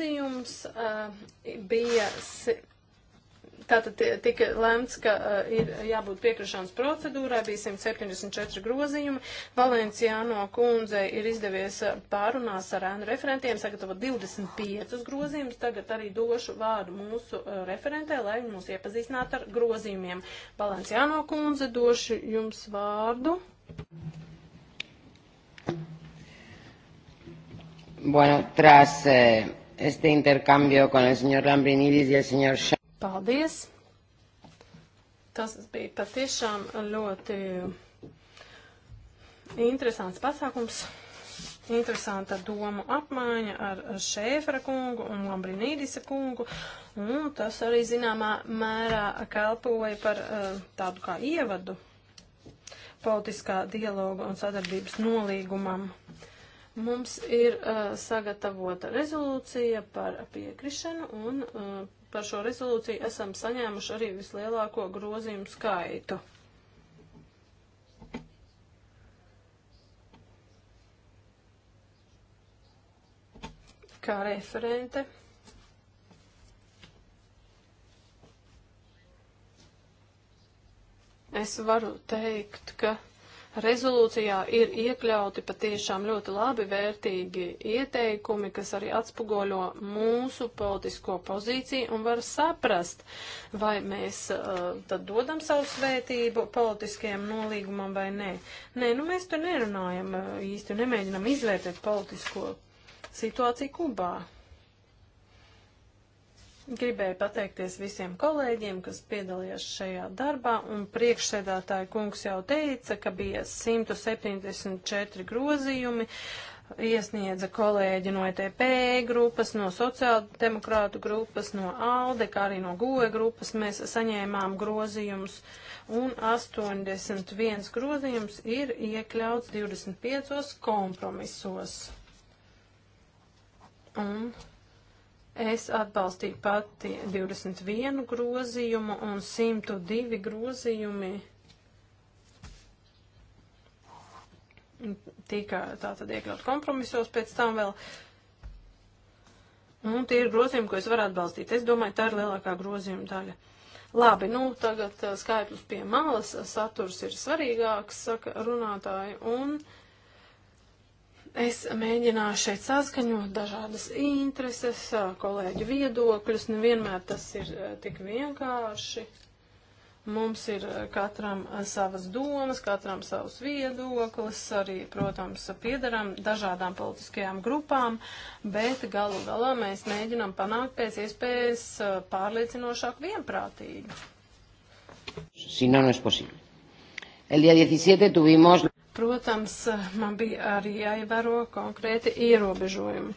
Gadījums uh, eh, bija, tātad tika lemts, ka uh, ir jābūt piekrišanas procedūrai, bija 174 grozījumi. Valenciāno kundzei ir izdevies eh, pārunās ar ēnu referentiem, sagatavot 25 grozījumus. Tagad arī došu vārdu mūsu uh, referentē, lai viņi mūs iepazīstinātu ar grozījumiem. Valenciāno kundze, došu jums vārdu. Bueno, tras eh, este intercambio con el señor Lambrinidis y el señor Ša. Paldies! Tas bija patiešām ļoti interesants pasākums, interesanta domu apmaiņa ar Šēfra kungu un Lambrinīdisa kungu, un tas arī zināmā mērā kalpoja par eh, tādu kā ievadu politiskā dialoga un sadarbības nolīgumam. Uh, Mums ir uh, sagatavota rezolūcija par piekrišanu un uh, par šo rezolūciju esam saņēmuši arī vislielāko grozījumu skaitu. Kā referente. Es varu teikt, ka Rezolūcijā ir iekļauti patiešām ļoti labi vērtīgi ieteikumi, kas arī atspoguļo mūsu politisko pozīciju un var saprast, vai mēs uh, tad dodam savu svētību politiskajam nolīgumam vai nē. Nē, nu mēs tur nerunājam uh, īsti, nemēģinam izvērtēt politisko situāciju Kubā. Gribēju pateikties visiem kolēģiem, kas piedalījās šajā darbā, un priekšsēdātāja kungs jau teica, ka bija 174 grozījumi, iesniedza kolēģi no ETP grupas, no sociāldemokrātu grupas, no ALDE, kā arī no GOE grupas. Mēs saņēmām grozījumus, un 81 grozījums ir iekļauts 25 kompromisos. Un Es atbalstīju pati 21 grozījumu un 102 grozījumi tika tātad iekļaut kompromisos pēc tam vēl. Un tie ir grozījumi, ko es varu atbalstīt. Es domāju, tā ir lielākā grozījuma daļa. Labi, nu tagad uh, skaitlis pie malas, saturs ir svarīgāks, saka runātāji, un. Uh, Es mēģināju šeit saskaņot dažādas intereses, kolēģu viedokļus. Nevienmēr tas ir tik vienkārši. Mums ir katram savas domas, katram savs viedoklis, arī, protams, piedaram dažādām politiskajām grupām, bet galu galā mēs mēģinam panākt pēc iespējas pārliecinošāku vienprātību. Si no, no es posible. El día 17 tuvimos. Protams, man bija arī jāievēro konkrēti ierobežojumi.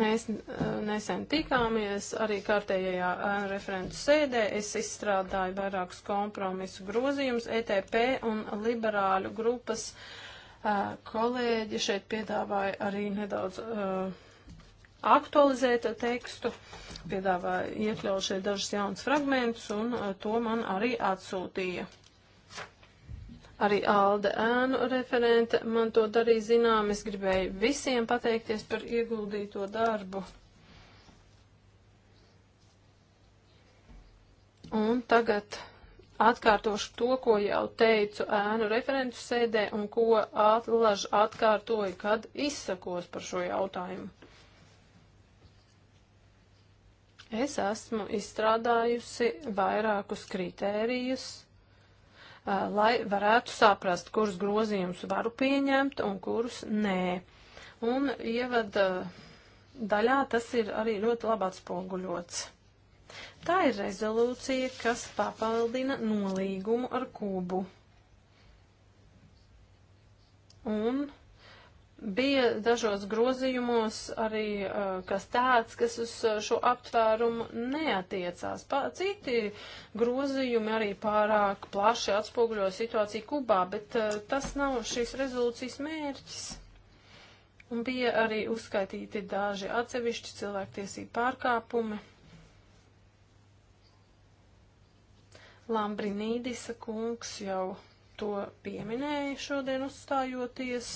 Mēs eh, nesen tikāmies arī kārtējajā eh, referentu sēdē. Es izstrādāju vairākus kompromisu grozījumus. ETP un liberāļu grupas eh, kolēģi šeit piedāvāja arī nedaudz aktualizēt tekstu, piedāvāja iekļaut šeit dažus jaunus fragmentus, un to man arī atsūtīja. Arī Alde ēnu referente man to darīja zinām. Es gribēju visiem pateikties par ieguldīto darbu. Un tagad atkārtošu to, ko jau teicu ēnu referentu sēdē un ko atlaž atkārtoju, kad izsakos par šo jautājumu. Es esmu izstrādājusi vairākus kritērijus lai varētu saprast, kurus grozījumus varu pieņemt un kurus nē. Un ievada daļā tas ir arī ļoti labi atspoguļots. Tā ir rezolūcija, kas papildina nolīgumu ar Kubu. Un Bija dažos grozījumos arī eh, kas tāds, kas uz eh, šo aptvērumu neatiecās. Pā, citi grozījumi arī pārāk plaši atspoguļo situāciju Kubā, bet eh, tas nav šīs rezolūcijas mērķis. Un bija arī uzskaitīti daži atsevišķi cilvēktiesību pārkāpumi. Lambrinīdisa kungs jau to pieminēja šodien uzstājoties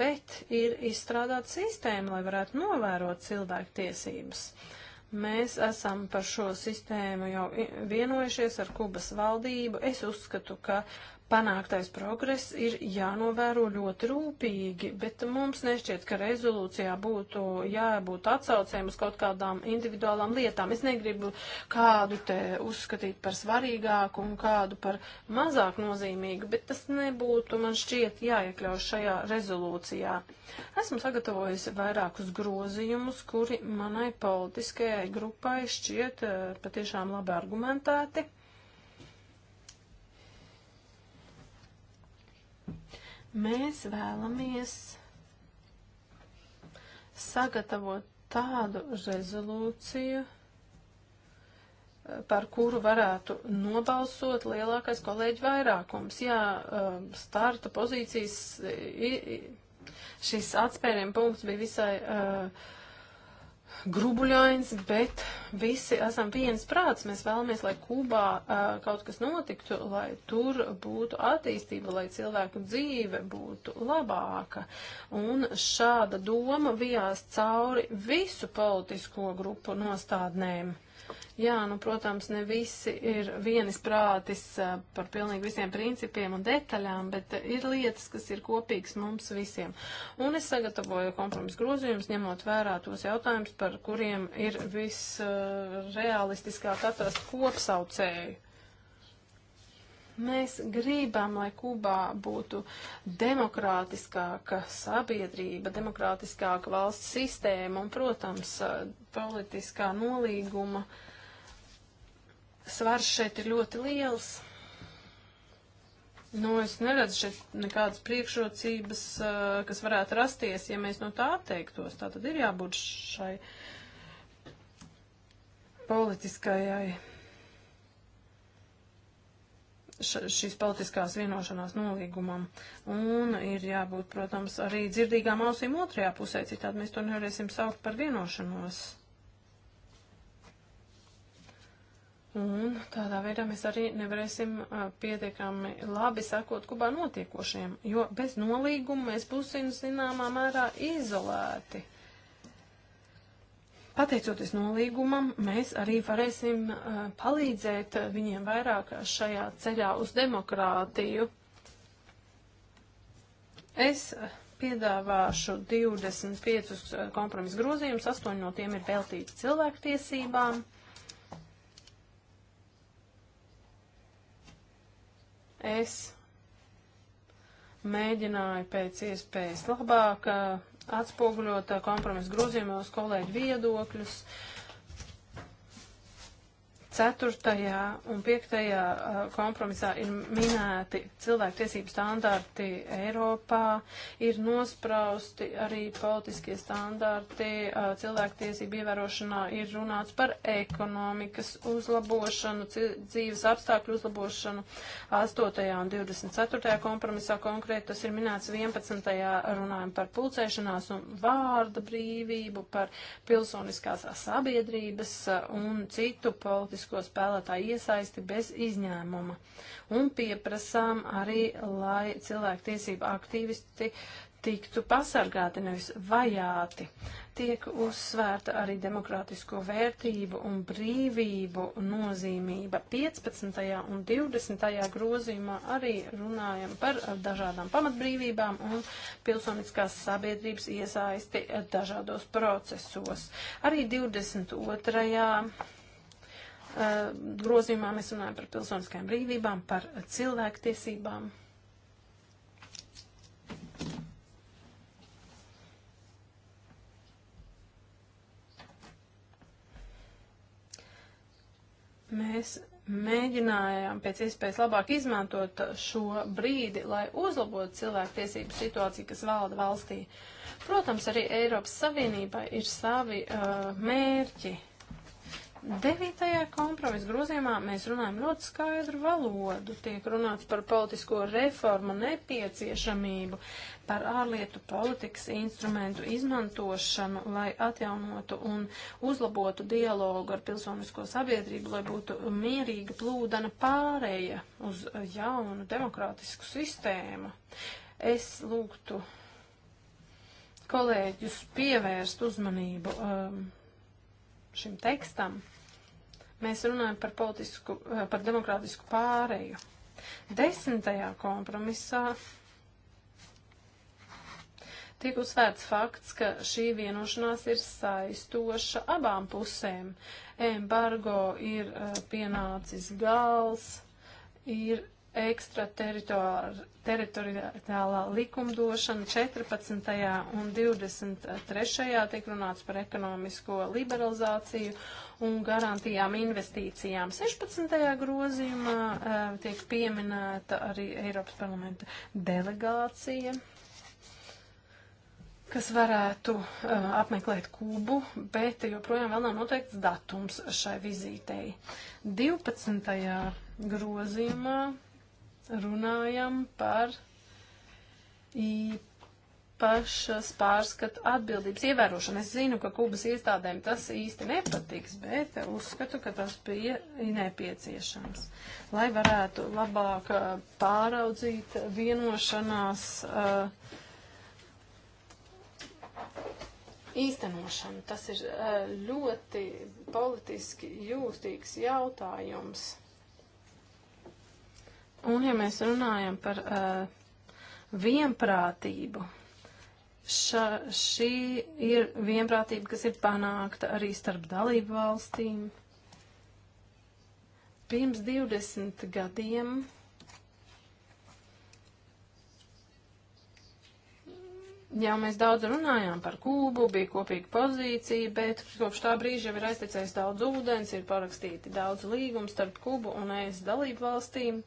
bet ir izstrādāta sistēma, lai varētu novērot cilvēku tiesības. Mēs esam par šo sistēmu jau vienojušies ar Kubas valdību. Es uzskatu, ka panāktais progress ir jānovēro ļoti rūpīgi, bet mums nešķiet, ka rezolūcijā būtu jābūt atsaucēm uz kaut kādām individuālām lietām. Es negribu kādu te uzskatīt par svarīgāku un kādu par mazāk nozīmīgu, bet tas nebūtu man šķiet jāiekļaus šajā rezolūcijā. Esmu sagatavojis vairākus grozījumus, kuri manai politiskajai grupai šķiet eh, patiešām labi argumentēti Mēs vēlamies sagatavot tādu rezolūciju, par kuru varētu nobalsot lielākais kolēģi vairākums. Jā, um, starta pozīcijas, šis atspērienu punkts bija visai uh, grubuļains, bet visi esam viens prāts. Mēs vēlamies, lai Kubā uh, kaut kas notiktu, lai tur būtu attīstība, lai cilvēku dzīve būtu labāka. Un šāda doma vijās cauri visu politisko grupu nostādnēm. Jā, nu, protams, ne visi ir vienis prātis par pilnīgi visiem principiem un detaļām, bet ir lietas, kas ir kopīgas mums visiem. Un es sagatavoju kompromisu grozījumus, ņemot vērā tos jautājumus, par kuriem ir visreālistiskāk atrast kopsaucēju. Mēs gribam, lai Kubā būtu demokrātiskāka sabiedrība, demokrātiskāka valsts sistēma un, protams, politiskā nolīguma svars šeit ir ļoti liels. Nu, es neredzu šeit nekādas priekšrocības, eh, kas varētu rasties, ja mēs no tā atteiktos. Tā tad ir jābūt šai politiskajai šīs politiskās vienošanās nolīgumam. Un ir jābūt, protams, arī dzirdīgām ausīm otrajā pusē, citādi mēs to nevarēsim saukt par vienošanos. Un tādā veidā mēs arī nevarēsim pietiekami labi sakot Kubā notiekošiem, jo bez nolīguma mēs būsim zināmā mērā izolēti. Pateicoties nolīgumam, mēs arī varēsim uh, palīdzēt eh, viņiem vairāk šajā ceļā uz demokrātiju. Es eh, piedāvāšu 25 kompromisu grozījumus, 8 no tiem ir veltīti cilvēktiesībām. Es mēģināju pēc iespējas labāk uh, atspoguļot eh, kompromisu grozījumos kolēģu viedokļus. Uh, Ceturtajā un piektajā uh, kompromisā ir minēti cilvēktiesību standarti Eiropā, ir nosprausti arī politiskie standarti uh, cilvēktiesību ievērošanā, ir runāts par ekonomikas uzlabošanu, dzīves apstākļu uzlabošanu. 8. un 24. kompromisā konkrēti tas ir minēts 11. runājam par pulcēšanās un vārda brīvību, par pilsoniskās sabiedrības uh, un citu politisku starptautisko spēlētāju iesaisti bez izņēmuma. Un pieprasām arī, lai cilvēktiesību aktīvisti tiktu pasargāti, nevis vajāti. Tiek uzsvērta arī demokrātisko vērtību un brīvību nozīmība. 15. un 20. grozījumā arī runājam par dažādām pamatbrīvībām un pilsoniskās sabiedrības iesaisti dažādos procesos. Arī 22 Eh, grozījumā mēs runājam par pilsoniskajām brīvībām, par cilvēktiesībām. Mēs mēģinājām pēc iespējas labāk izmantot šo brīdi, lai uzlabotu cilvēktiesību situāciju, kas valda valstī. Protams, arī Eiropas Savienībai ir savi uh, mērķi, uh, Devītajā kompromisa grozījumā mēs runājam ļoti skaidru valodu. Tiek runāts par politisko reformu nepieciešamību, par ārlietu politikas instrumentu izmantošanu, lai atjaunotu un uzlabotu dialogu ar pilsonisko sabiedrību, lai būtu mierīga plūdana pārēja uz jaunu demokrātisku sistēmu. Es lūgtu kolēģus pievērst uzmanību um, šim tekstam. Mēs runājam par, politisku, eh, par demokrātisku pāreju. Desmitajā kompromisā tiek uzsvērts fakts, ka šī vienošanās ir saistoša abām pusēm. Embargo ir uh, pienācis gals, ir ekstrateritoriālā likumdošana 14. un 23. tiek runāts par ekonomisko liberalizāciju un garantijām investīcijām. 16. grozījumā uh, tiek pieminēta arī Eiropas parlamenta delegācija kas varētu uh, apmeklēt Kubu, bet joprojām vēl nav noteikts datums šai vizītei. 12. grozījumā runājam par īpašas pārskatu atbildības ievērošanu. Es zinu, ka Kubas iestādēm tas īsti nepatiks, bet uzskatu, ka tas bija nepieciešams, lai varētu labāk uh, pāraudzīt vienošanās uh, īstenošanu. Tas ir uh, ļoti politiski jūtīgs jautājums. Un ja mēs runājam par uh, vienprātību, ša, šī ir vienprātība, kas ir panākta arī starp dalību valstīm. Pirms 20 gadiem Jā, mēs daudz runājām par Kūbu, bija kopīga pozīcija, bet kopš tā brīža jau ir aiztecējis daudz ūdens, ir parakstīti daudz līgumu starp Kūbu un ES dalību valstīm.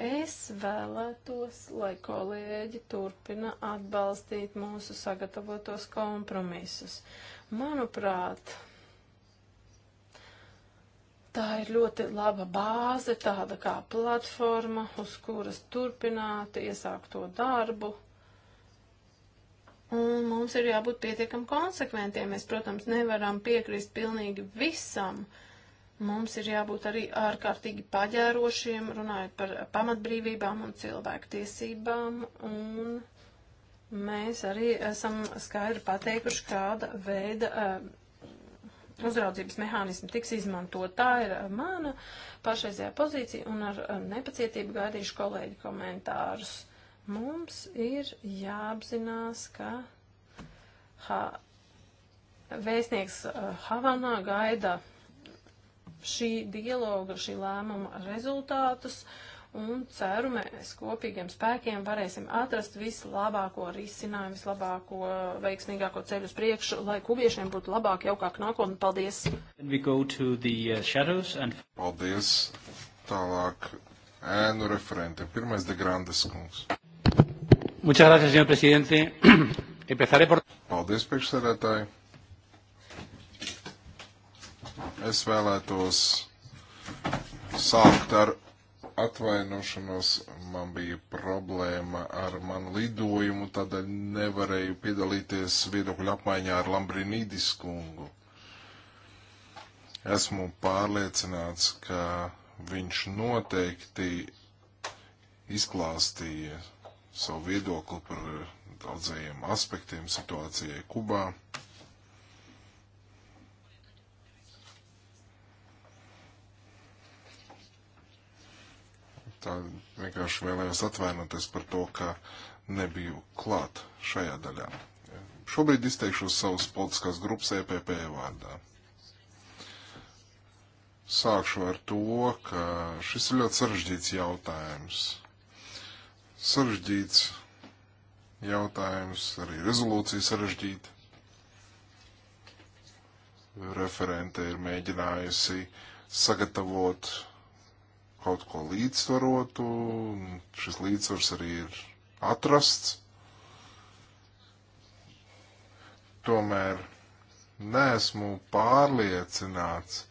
Es vēlētos, lai kolēģi turpina atbalstīt mūsu sagatavotos kompromisus. Manuprāt, tā ir ļoti laba bāze, tāda kā platforma, uz kuras turpināt iesākto darbu. Un mums ir jābūt pietiekam konsekventiem. Mēs, protams, nevaram piekrist pilnīgi visam. Uh, Mums ir jābūt arī ārkārtīgi paģērošiem, runājot par pamatbrīvībām un cilvēku tiesībām, un mēs arī esam skaidri pateikuši, kāda veida uh, uzraudzības mehānismi tiks izmantot. Tā ir eh, mana pašreizējā pozīcija, un ar eh, nepacietību gaidīšu kolēģi komentārus. Mums ir jāapzinās, ka. Ha, Vēstnieks Havanā gaida šī dialoga, šī lēmuma rezultātus un ceru, mēs kopīgiem spēkiem varēsim atrast vislabāko risinājumu, vislabāko, veiksmīgāko ceļu uz priekšu, lai kubiešiem būtu labāk, jaukāk nākotne. Paldies! Uh, and... Paldies! Tālāk ēnu referente. Pirmais de Grandes kungs. Muchas gracias, señor presidente. Empezaré por... Paldies, priekšsēdētāji. Es vēlētos sākt ar atvainošanos. Man bija problēma ar manu lidojumu, tādēļ nevarēju piedalīties viedokļu apmaiņā ar Lambrinīdis kungu. Esmu pārliecināts, ka viņš noteikti izklāstīja savu viedokli par daudzajiem aspektiem situācijai Kubā. Tā vienkārši vēlējos atvainoties par to, ka nebiju klāt šajā daļā. Šobrīd izteikšos savas politiskās grupas EPP vārdā. Sākšu ar to, ka šis ir ļoti sarežģīts jautājums. Sarežģīts jautājums, arī rezolūcija sarežģīta. Referente ir mēģinājusi sagatavot kaut ko līdzsvarotu, un šis līdzsvars arī ir atrasts. Tomēr neesmu pārliecināts,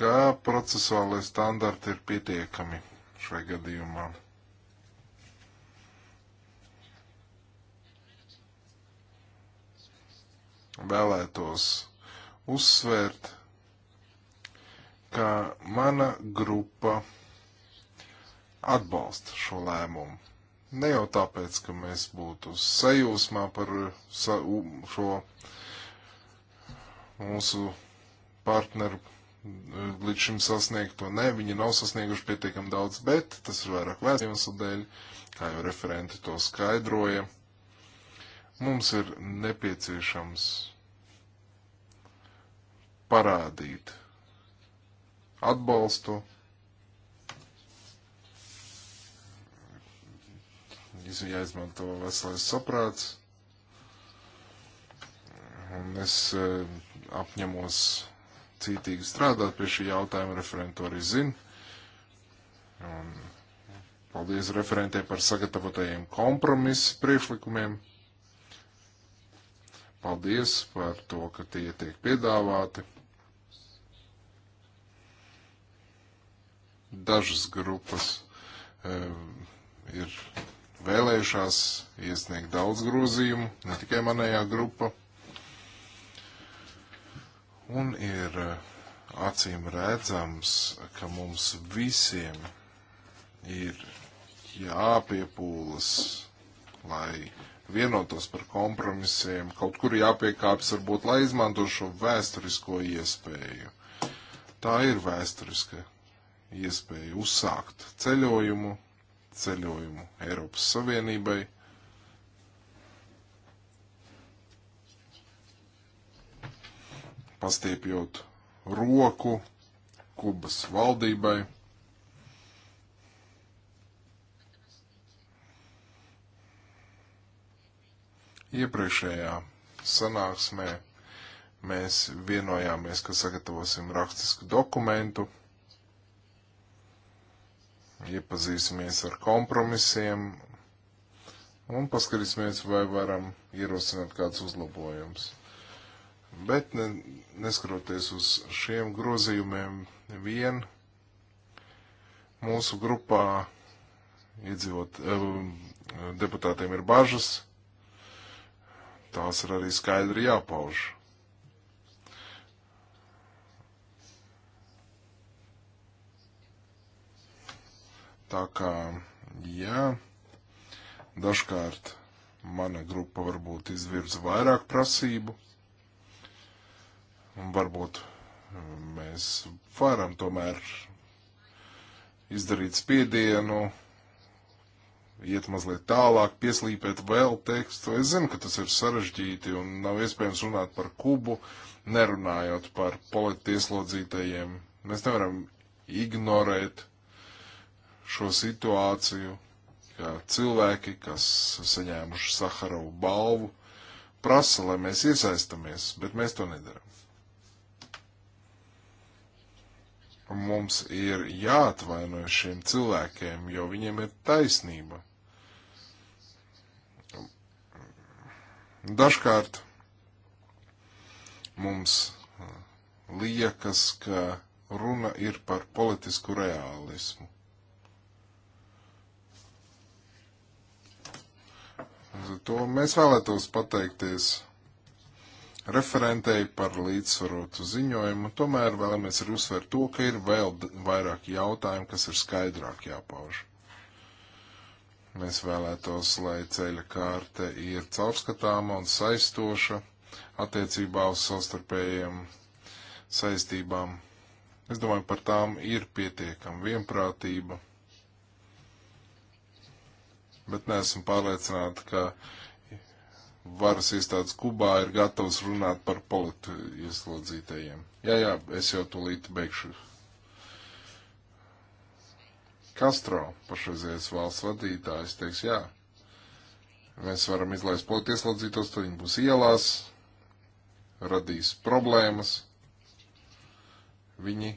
ka procesuālai standarti ir pietiekami šai gadījumā. Vēlētos uzsvērt, ka mana grupa atbalsta šo lēmumu. Ne jau tāpēc, ka mēs būtu sajūsmā par sa šo mūsu partneru e, līdz šim sasniegto. Nē, viņi nav sasnieguši pietiekam daudz, bet tas ir vairāk vēstījums dēļ, kā jau referenti to skaidroja. Mums ir nepieciešams parādīt atbalstu jāizmanto veselais saprāts. Un es e, apņemos cītīgi strādāt pie šī jautājuma, referentu arī zinu. Un paldies referentē par sagatavotajiem kompromisu priekšlikumiem. Paldies par to, ka tie tiek piedāvāti. Dažas grupas e, ir vēlējušās iesniegt daudz grozījumu, ne tikai manējā grupa. Un ir e, acīm redzams, ka mums visiem ir jāpiepūlas, lai vienotos par kompromisiem, kaut kur jāpiekāpjas, varbūt, lai izmanto šo vēsturisko iespēju. Tā ir vēsturiska iespēju uzsākt ceļojumu, ceļojumu Eiropas Savienībai. Pastiepjot roku Kubas valdībai. Iepriekšējā sanāksmē mēs vienojāmies, ka sagatavosim rakstisku dokumentu iepazīsimies ar kompromisiem un paskatīsimies, vai varam ierosināt kādus uzlabojumus. Bet ne, neskaroties uz šiem grozījumiem, vien mūsu grupā iedzīvot, eh, deputātiem ir bažas, tās ir arī skaidri jāpauž. Tā kā, jā, dažkārt mana grupa varbūt izvirza vairāk prasību, un varbūt um, mēs varam tomēr izdarīt spiedienu, iet mazliet tālāk, pieslīpēt vēl tekstu. Es zinu, ka tas ir sarežģīti un nav iespējams runāt par kubu, nerunājot par politieslodzītajiem. Mēs nevaram ignorēt šo situāciju, ka cilvēki, kas saņēmuši Saharovu balvu, prasa, lai mēs iesaistamies, bet mēs to nedaram. Mums ir jāatvainojas šiem cilvēkiem, jo viņiem ir taisnība. Dažkārt mums liekas, ka runa ir par politisku realismu. to mēs vēlētos pateikties referentei par līdzsvarotu ziņojumu. Tomēr vēlamies arī uzsvērt to, ka ir vēl vairāk jautājumu, kas ir skaidrāk jāpauž. Mēs vēlētos, lai ceļa kārte ir caurskatāma un saistoša attiecībā uz savstarpējiem saistībām. Es domāju, par tām ir pietiekama vienprātība bet neesam pārliecināti, ka varas iestādes Kubā ir gatavs runāt par politu ieslodzītajiem. Jā, jā, es jau tūlīt beigšu. Castro, pašreizējais valsts vadītājs, teiks jā. Mēs varam izlaist politu ieslodzītos, tad viņi būs ielās, radīs problēmas. Viņi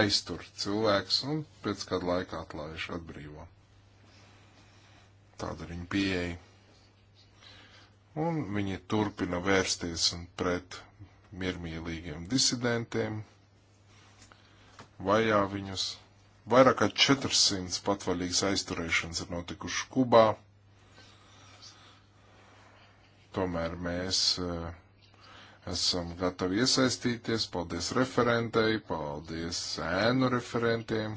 aiztur cilvēks un pēc kāda laika atlaiž atbrīvo. Tāda viņa pieeja. Un viņi turpina vērsties pret miermīlīgiem disidentiem, vajā viņus. Vairāk kā 400 patvaļīgas aizturēšanas ir notikušas Kubā. Tomēr mēs uh, esam gatavi iesaistīties. Paldies referentei, paldies ēnu referentiem.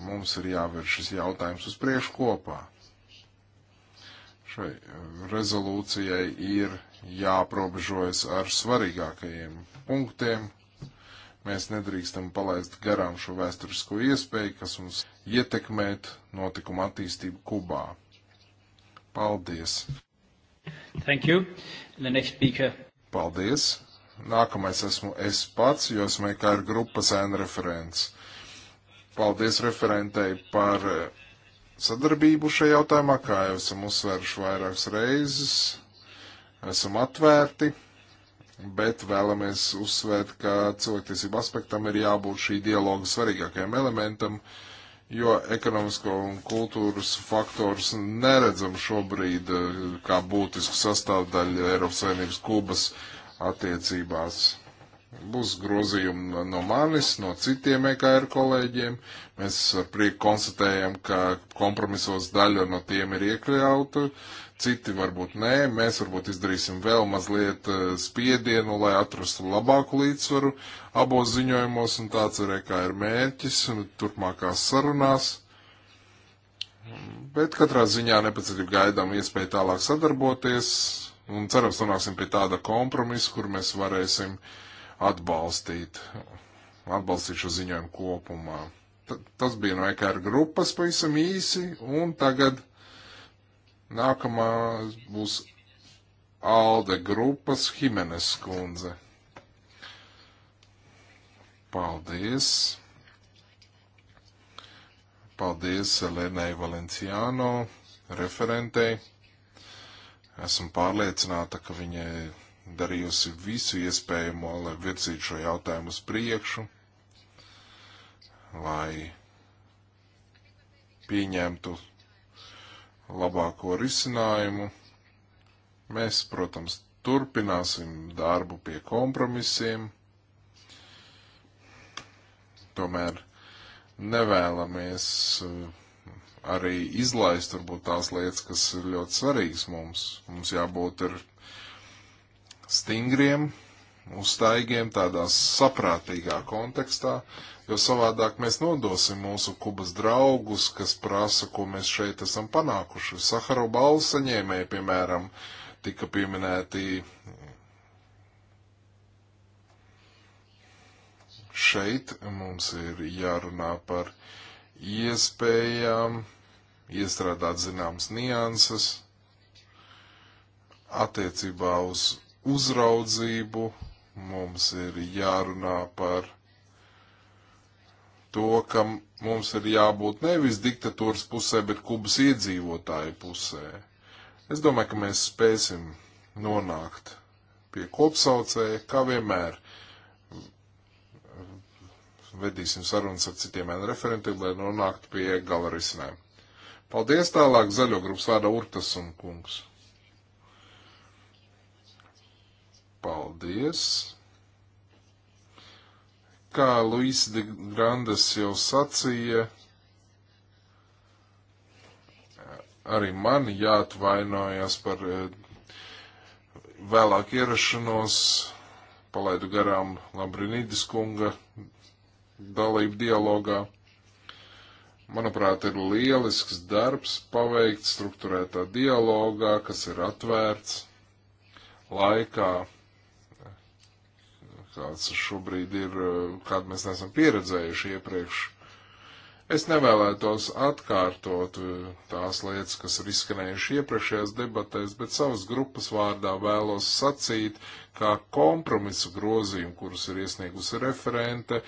Mums ir jāvērš šis jautājums uz priekšu kopā. Šai rezolūcijai ir jāprobežojas ar svarīgākajiem punktiem. Mēs nedrīkstam palaist garām šo vēsturisko iespēju, kas mums ietekmēt notikumu attīstību Kubā. Paldies! Thank you. The next speaker. Paldies! Nākamais esmu es pats, jo esmu e kā ir grupas ēna referents. Paldies referentei par eh, sadarbību šajā jautājumā, kā jau esam uzsvēruši vairākas reizes. Esam atvērti, bet vēlamies uzsvērt, ka cilvēktiesību aspektam ir jābūt šī dialoga svarīgākajam elementam, jo ekonomisko un kultūras faktors neredzam šobrīd eh, kā būtisku sastāvdaļu Eiropas Savienības Kubas attiecībās. Būs grozījumi no manis, no citiem EKR kolēģiem. Mēs ar prieku konstatējam, ka kompromisos daļa no tiem ir iekļauta, citi varbūt nē. Mēs varbūt izdarīsim vēl mazliet eh, spiedienu, lai atrastu labāku līdzsvaru abos ziņojumos, un tāds ir EKR mērķis turpmākās sarunās. Bet katrā ziņā nepacietīgi gaidām iespēju tālāk sadarboties, un cerams, nonāksim pie tāda kompromisa, kur mēs varēsim uh, atbalstīt, atbalstīt šo ziņojumu kopumā. T tas bija no EKR grupas pavisam īsi, un tagad nākamā būs ALDE grupas Himenes kundze. Paldies! Paldies Elenai Valenciano, referentei. Esmu pārliecināta, ka viņai darījusi visu iespējamo, lai virzītu šo jautājumu uz priekšu, lai pieņemtu labāko risinājumu. Mēs, protams, turpināsim darbu pie kompromisiem. Tomēr nevēlamies eh, arī izlaist varbūt tās lietas, kas ir ļoti svarīgas mums. Mums jābūt ir stingriem, uztaigiem, tādā saprātīgā kontekstā, jo savādāk mēs nodosim mūsu Kubas draugus, kas prasa, ko mēs šeit esam panākuši. Saharo balvu saņēmēji, piemēram, tika pieminēti šeit mums ir jārunā par iespējām, iestrādāt zināmas nianses attiecībā uz uzraudzību, mums ir jārunā par to, ka mums ir jābūt nevis diktatūras pusē, bet Kubas iedzīvotāju pusē. Es domāju, ka mēs spēsim nonākt pie kopsaucēja, kā vienmēr. Vedīsim sarunas ar citiem referentiem, lai nonāktu pie gala risinājuma. Paldies tālāk zaļo grupas vārdā Urtas un kungs. Paldies! Kā Luisa de Grandes jau sacīja, arī man jāatvainojas par eh, vēlāk ierašanos, palaidu garām Labrinīdis kunga dalību dialogā. Manuprāt, ir lielisks darbs paveikts struktūrētā dialogā, kas ir atvērts laikā, kāds šobrīd ir, eh, kādu mēs neesam pieredzējuši iepriekš. Es nevēlētos atkārtot eh, tās lietas, kas ir izskanējuši iepriekšējās debatēs, bet savas grupas vārdā vēlos sacīt, kā kompromisu grozījumi, kurus ir iesniegusi referente,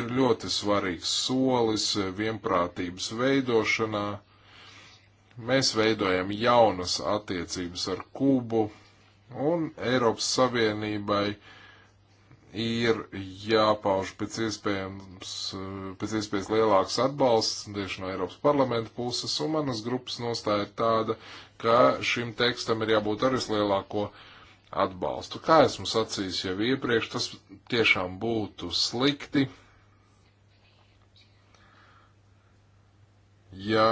ir ļoti svarīgs solis vienprātības veidošanā. Mēs veidojam jaunas attiecības ar Kubu un Eiropas Savienībai ir jāpauž pēc iespējams, eh, pēc iespējas lielāks atbalsts tieši no Eiropas parlamenta puses, un manas grupas nostāja ir tāda, ka šim tekstam ir jābūt arī lielāko atbalstu. Kā esmu sacījis jau iepriekš, tas tiešām būtu slikti, ja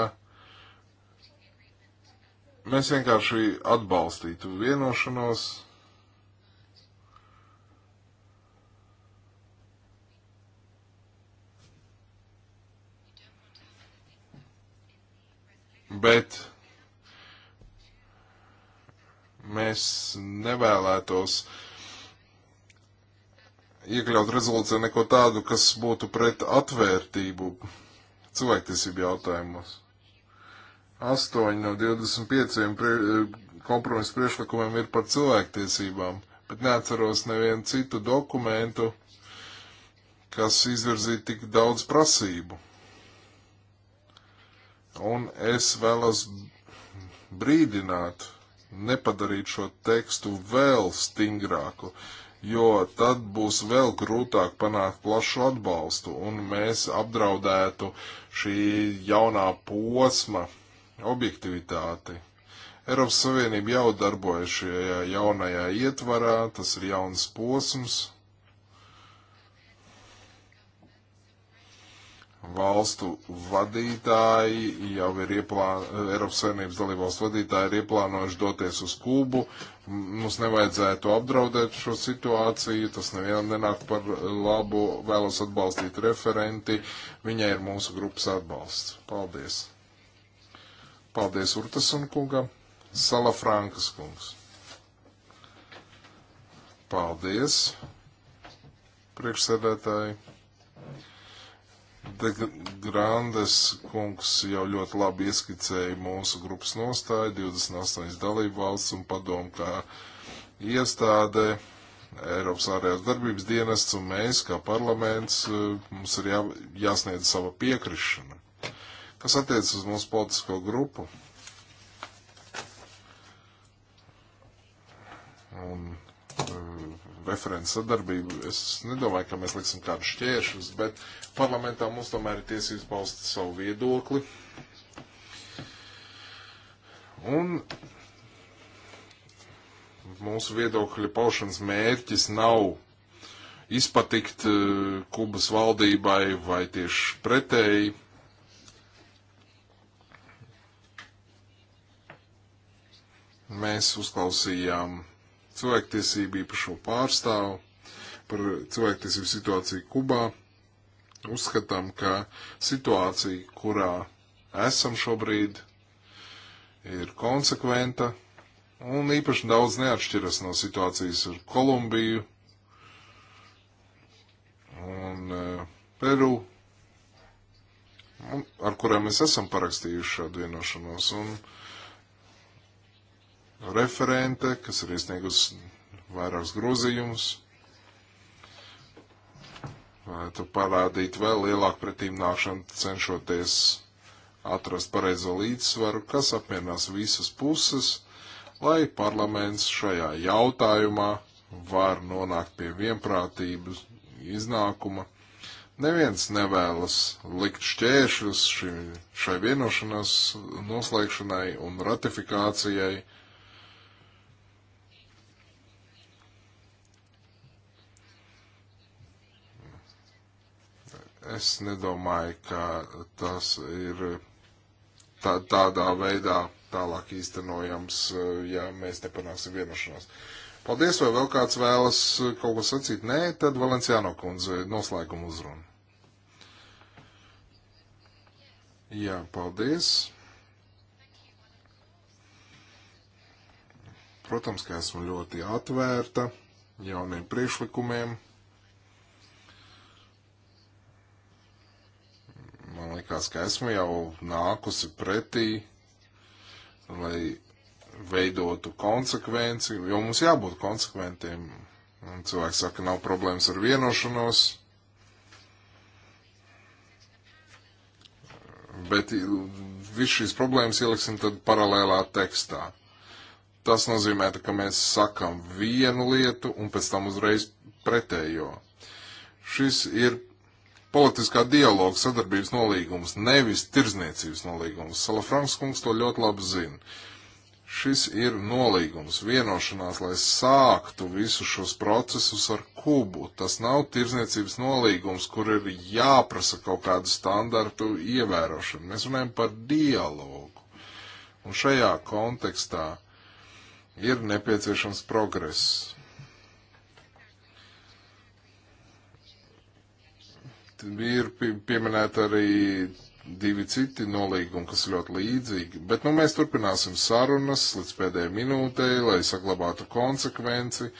mēs vienkārši atbalstītu vienošanos bet mēs nevēlētos iekļaut rezolūcijā neko tādu, kas būtu pret atvērtību cilvēktiesību jautājumos. 8 no 25 prie, kompromisu priešlikumiem ir par cilvēktiesībām, bet neatceros nevienu citu dokumentu, kas izvirzītu tik daudz prasību. Un es vēlos brīdināt, nepadarīt šo tekstu vēl stingrāku, jo tad būs vēl grūtāk panākt plašu atbalstu, un mēs apdraudētu šī jaunā posma objektivitāti. Eiropas Savienība jau darbojas šajā jaunajā ietvarā, tas ir jauns posms, valstu vadītāji jau ir ieplānojuši, Eiropas Savienības dalībvalstu vadītāji ir ieplānojuši doties uz Kūbu. Mums nevajadzētu apdraudēt šo situāciju, tas nevienam nenāk par labu, vēlos atbalstīt referenti, viņai ir mūsu grupas atbalsts. Paldies! Paldies Urtasun kungam, Sala Frankas kungs. Paldies, priekšsēdētāji! De Grandes kungs jau ļoti labi ieskicēja mūsu grupas nostāju, 28 dalību valsts un padomu kā iestāde, Eiropas ārējās darbības dienests un mēs kā parlaments, eh, mums ir jā, jāsniedz sava piekrišana. Kas attiec uz mūsu politisko grupu? Un referents sadarbību. Es nedomāju, ka mēs liksim kādu šķēršus, bet parlamentā mums tomēr ir tiesības paust savu viedokli. Un mūsu viedokļa paušanas mērķis nav izpatikt eh, Kubas valdībai vai tieši pretēji. Mēs uzklausījām cilvēktiesību īpašo pārstāvu par cilvēktiesību situāciju Kubā. Uzskatām, ka situācija, kurā esam šobrīd, ir konsekventa un īpaši daudz neatšķiras no situācijas ar Kolumbiju un eh, Peru, ar kurām mēs esam parakstījuši šādu vienošanos. Un referente, kas ir iesniegusi vairākus grozījumus. Varētu parādīt vēl lielāku pretīm nākšanu, cenšoties atrast pareizo līdzsvaru, kas apmierinās visas puses, lai parlaments šajā jautājumā var nonākt pie vienprātības iznākuma. Neviens nevēlas likt šķēršļus šai vienošanās noslēgšanai un ratifikācijai Es nedomāju, ka tas ir tā, tādā veidā tālāk īstenojams, eh, ja mēs nepanāksim vienošanos. Paldies, vai vēl kāds vēlas eh, kaut ko sacīt? Nē, tad Valenciāno kundze noslēguma uzruna. Jā, paldies. Protams, ka esmu ļoti atvērta jauniem priekšlikumiem. Man liekas, ka esmu jau nākusi pretī, lai veidotu konsekvenci, jo mums jābūt konsekventiem. Un cilvēks saka, nav problēmas ar vienošanos. Bet visu šīs problēmas ieliksim tad paralēlā tekstā. Tas nozīmē, ka mēs sakam vienu lietu un pēc tam uzreiz pretējo. Šis ir politiskā dialoga sadarbības nolīgums, nevis tirzniecības nolīgums. Salafranks kungs to ļoti labi zina. Šis ir nolīgums, vienošanās, lai sāktu visus šos procesus ar kubu. Tas nav tirzniecības nolīgums, kur ir jāprasa kaut kādu standartu ievērošanu. Mēs runājam par dialogu. Un šajā kontekstā ir nepieciešams progress ir pieminēta arī divi citi nolīgumi, kas ļoti līdzīgi. Bet nu, mēs turpināsim sarunas līdz pēdējai minūtei, lai saglabātu konsekvenci.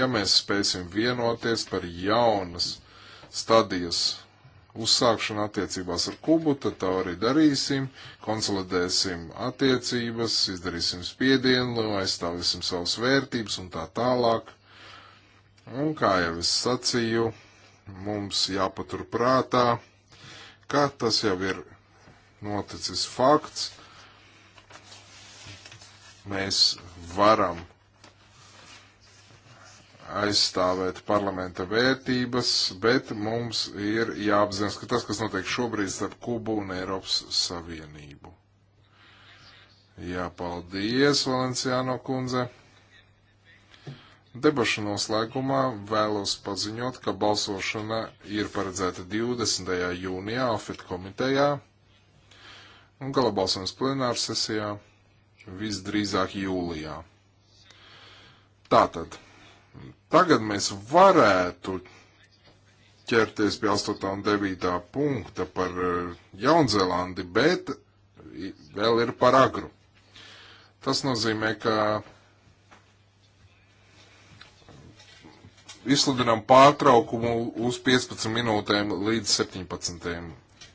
Ja mēs spēsim vienoties par jaunas stadijas uzsākšanu attiecībās ar Kubu, tad tā arī darīsim, konsolidēsim attiecības, izdarīsim spiedienu, aizstāvēsim savas vērtības un tā tālāk. Un kā jau es sacīju, mums jāpatur prātā, ka tas jau ir noticis fakts. Mēs varam aizstāvēt parlamenta vērtības, bet mums ir jāapzinās, ka tas, kas notiek šobrīd starp Kubu un Eiropas Savienību. Jā, paldies, Valenciāno kundze. Debašu noslēgumā vēlos paziņot, ka balsošana ir paredzēta 20. jūnijā AFIT komitejā un gala balsojums plenāra sesijā visdrīzāk jūlijā. Tātad, tagad mēs varētu ķerties pie 8. un 9. punkta par eh, Jaunzēlandi, bet vēl ir par agru. Tas nozīmē, ka izsludinām pārtraukumu uz 15 minūtēm līdz 17.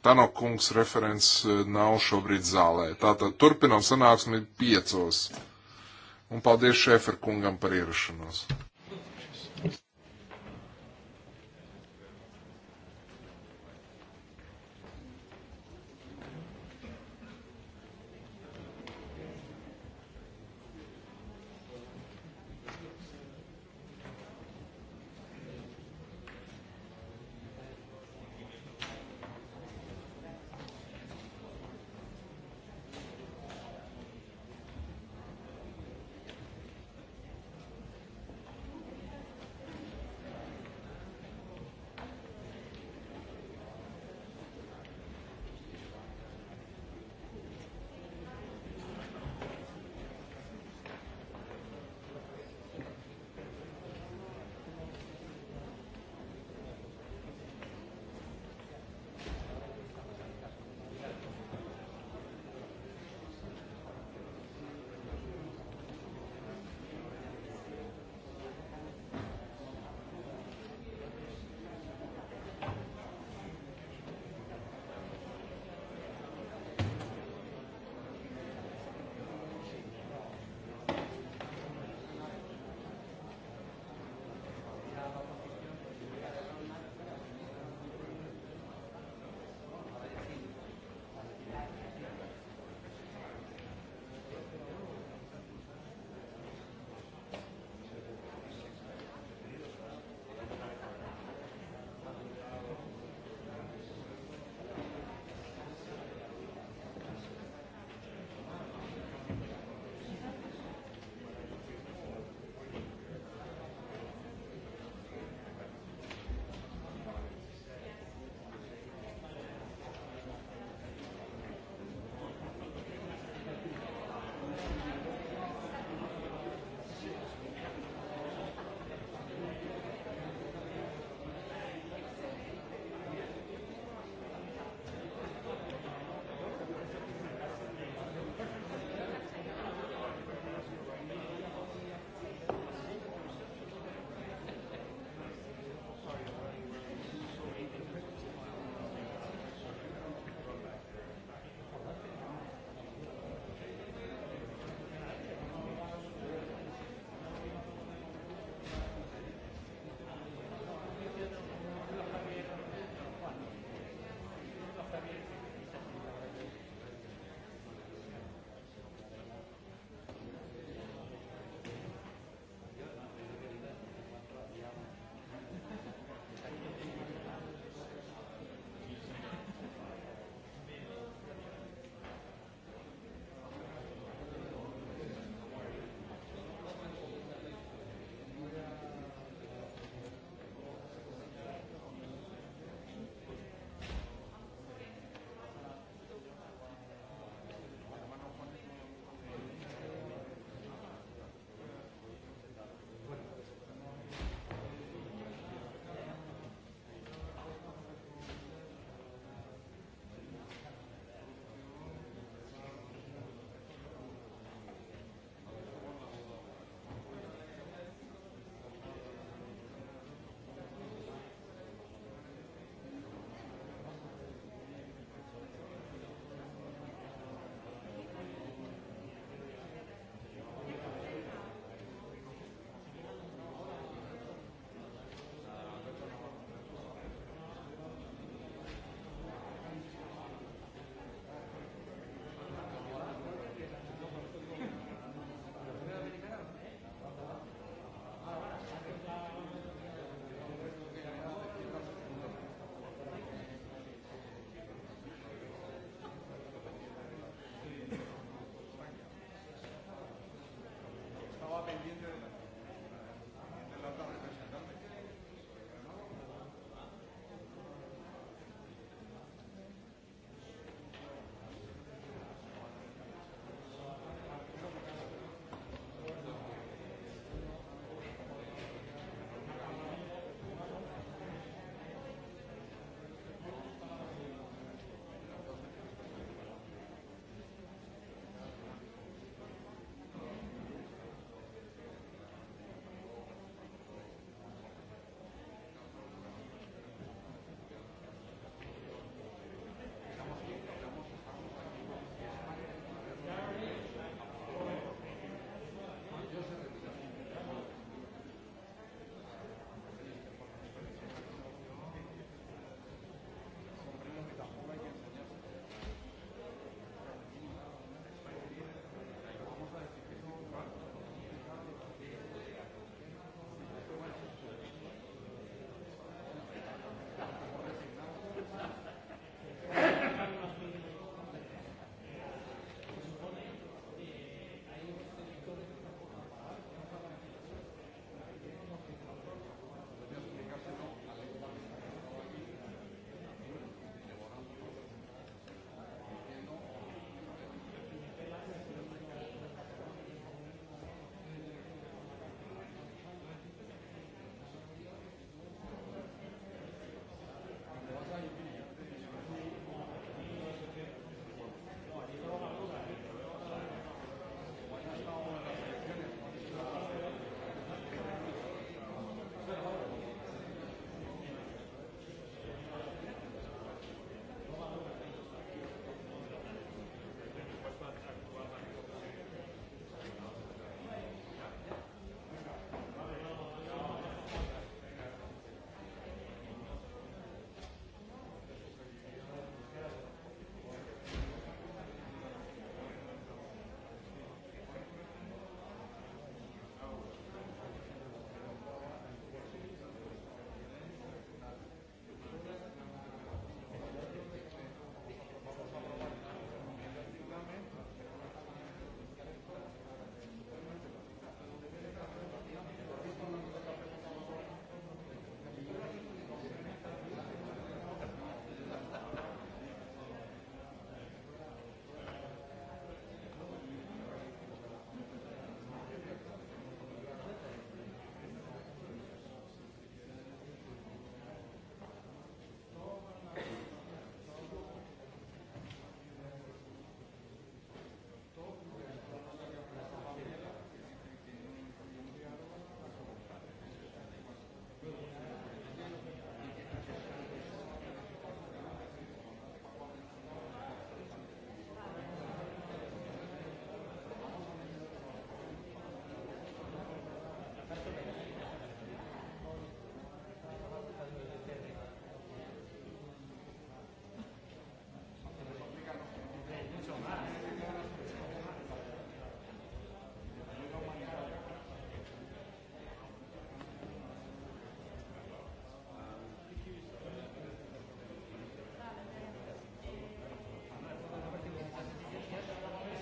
Tano kungs referents eh, nav šobrīd zālē. Tātad turpinām sanāksmi piecos. Un paldies Šēfer kungam par ierašanos.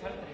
selv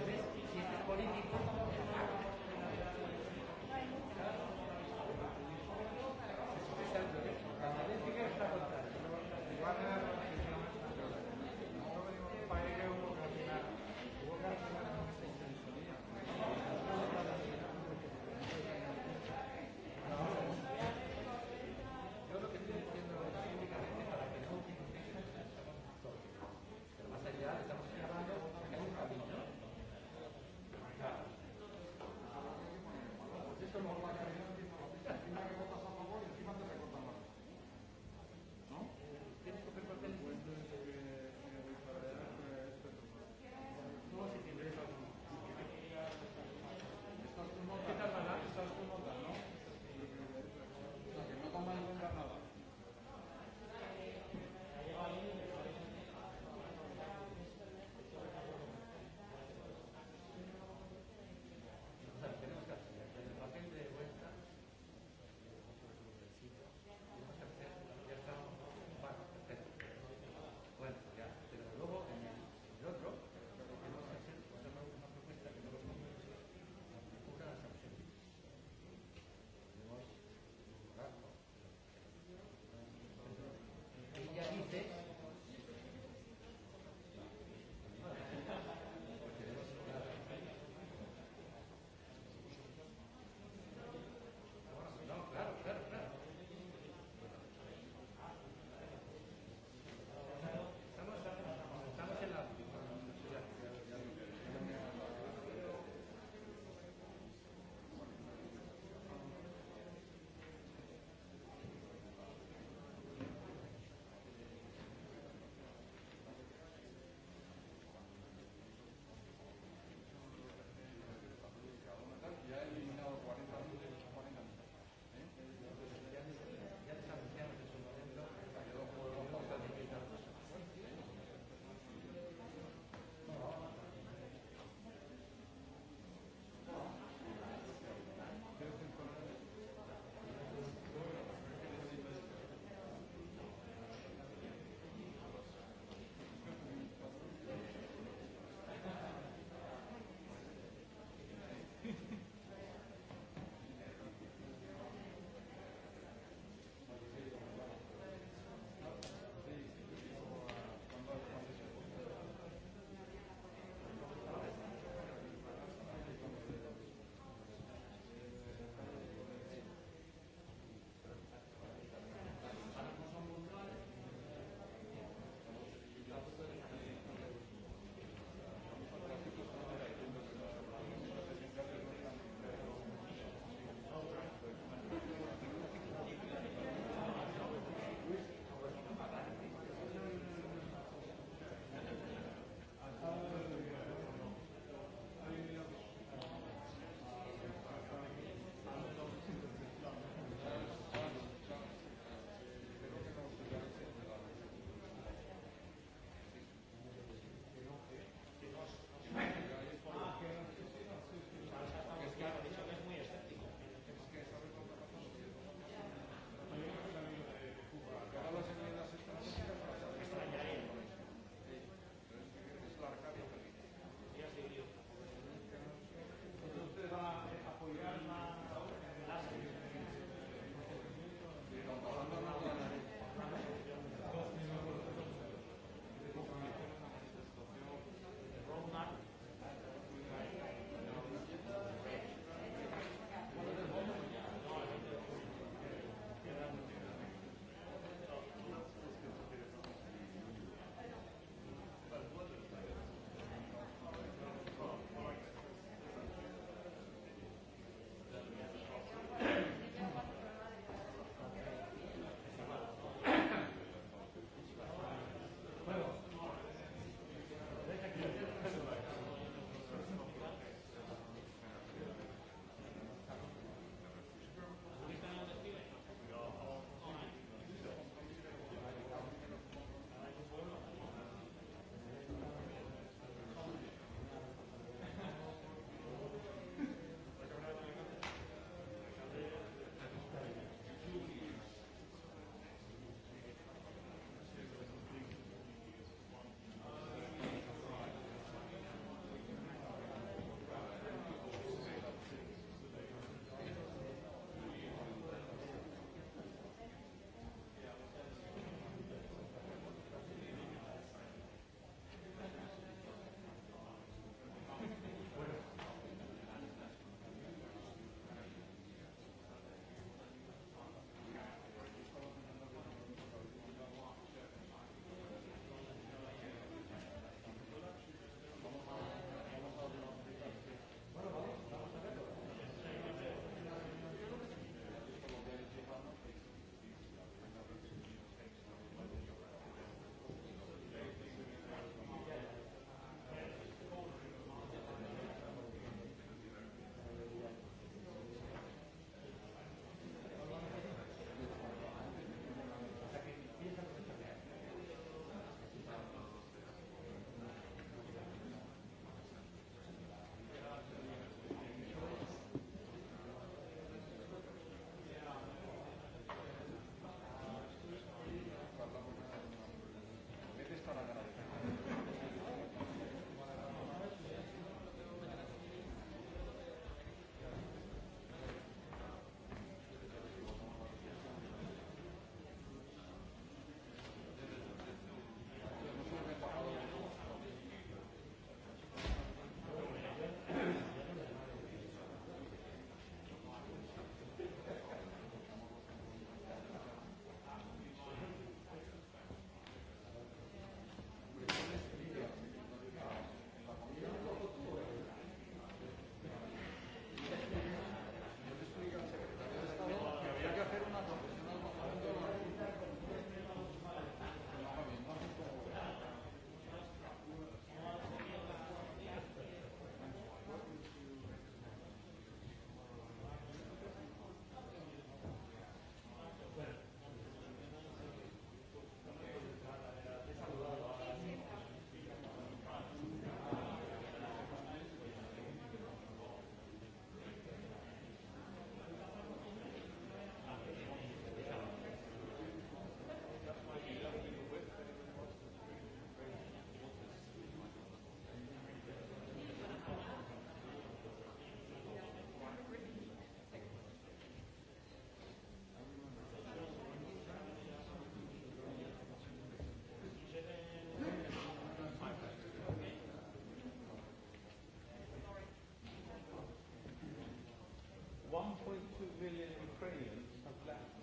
1.2 million Ukrainians have left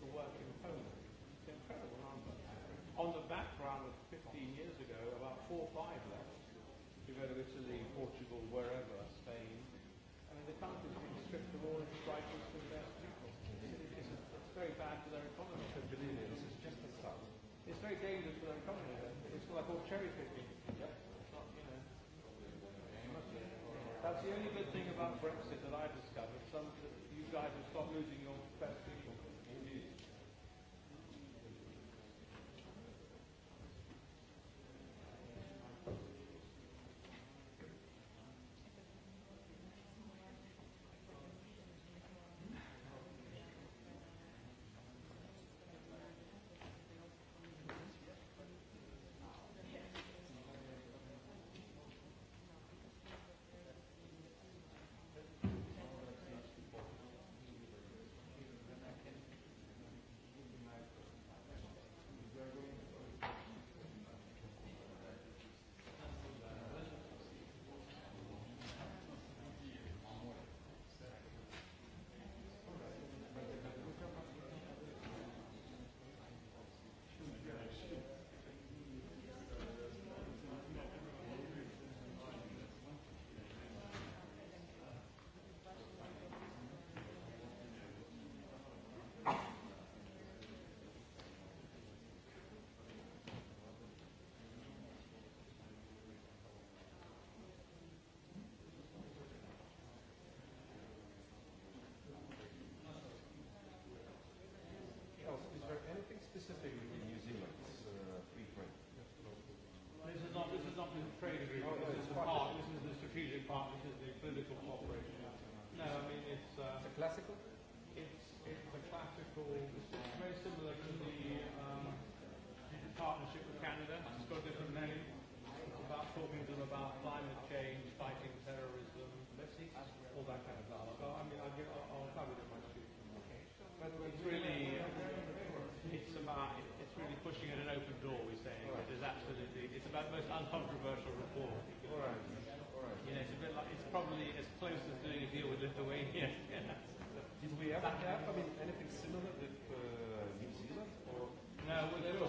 to work in Poland. It's an incredible number. On the background of 15 years ago, about four or five left to go to Italy, Portugal, wherever, Spain. I mean, the country's been stripped of all its rights for the best people. It's, it's very bad for their economy. For billions, it's just the sun. It's very dangerous for their economy. It's like all cherry picking. Yep. Not, you know. That's the only good thing about Brexit that I just stop losing your specifically in New Zealand, it's uh, free trade. This is not, this is not a trade agreement. No, oh, this, is a part, this is the strategic part. This is the political cooperation. No, I mean it's. Uh, it's a classical. It's it's a classical. It's very similar to the um, partnership with Canada. It's got a different name. It's about talking to them about climate change the most uncontroversial report. All right. All right. You know, it's a bit like, it's probably as close as doing a deal with Lithuania. Did we ever have, I mean, anything similar with uh, New Zealand? Or no, well, there was.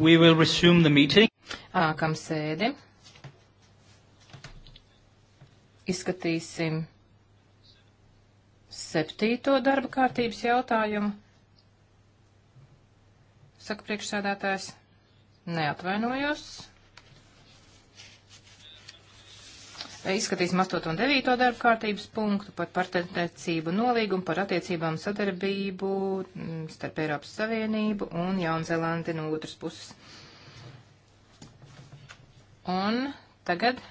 We will resume the meeting. Ākam sēdi. Izskatīsim septīto darba kārtības jautājumu. Saka priekšsēdētājs, neatvainojos. Izskatīsim 8. un 9. darba kārtības punktu par partnerniecību nolīgumu par attiecībām sadarbību mm, starp Eiropas Savienību un Jaunzēlandi no otras puses. Un tagad.